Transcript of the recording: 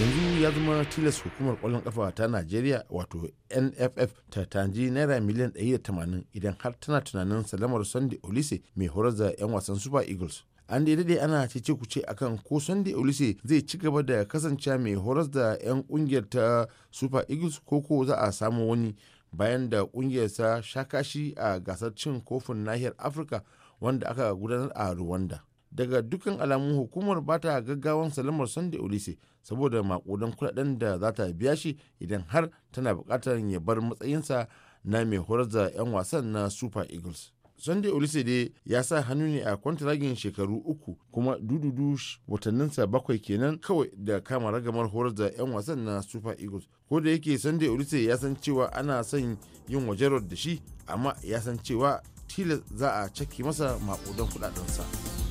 yanzu ya zama tilas hukumar kwallon kafa ta najeriya wato nff ta tanji naira miliyan 180 idan har tana tunanin salamar sunday olise mai horar da 'yan wasan super eagles an daidai ana cece kuce akan ko sunday olise zai ci gaba da kasance mai horar da 'yan kungiyar ta super eagles ko ko za a samu wani bayan da kungiyar sa shakashi a gasar cin kofin nahiyar afirka wanda aka gudanar a rwanda daga dukkan alamun hukumar ba ta gaggawan salamar sunday olise saboda makudan kudaden da za ta biya shi idan har tana bukatar ya bar matsayinsa na mai horar da 'yan wasan na super eagles sunday olise dai ya sa hannu ne a kwantaragin shekaru uku kuma dududu watanninsa bakwai kenan kawai da kama ragamar horar da 'yan wasan na super eagles ko da yake sunday olise ya san cewa ana son yin wajerar da shi amma ya san cewa tilas za a cake masa makudan kudadensa.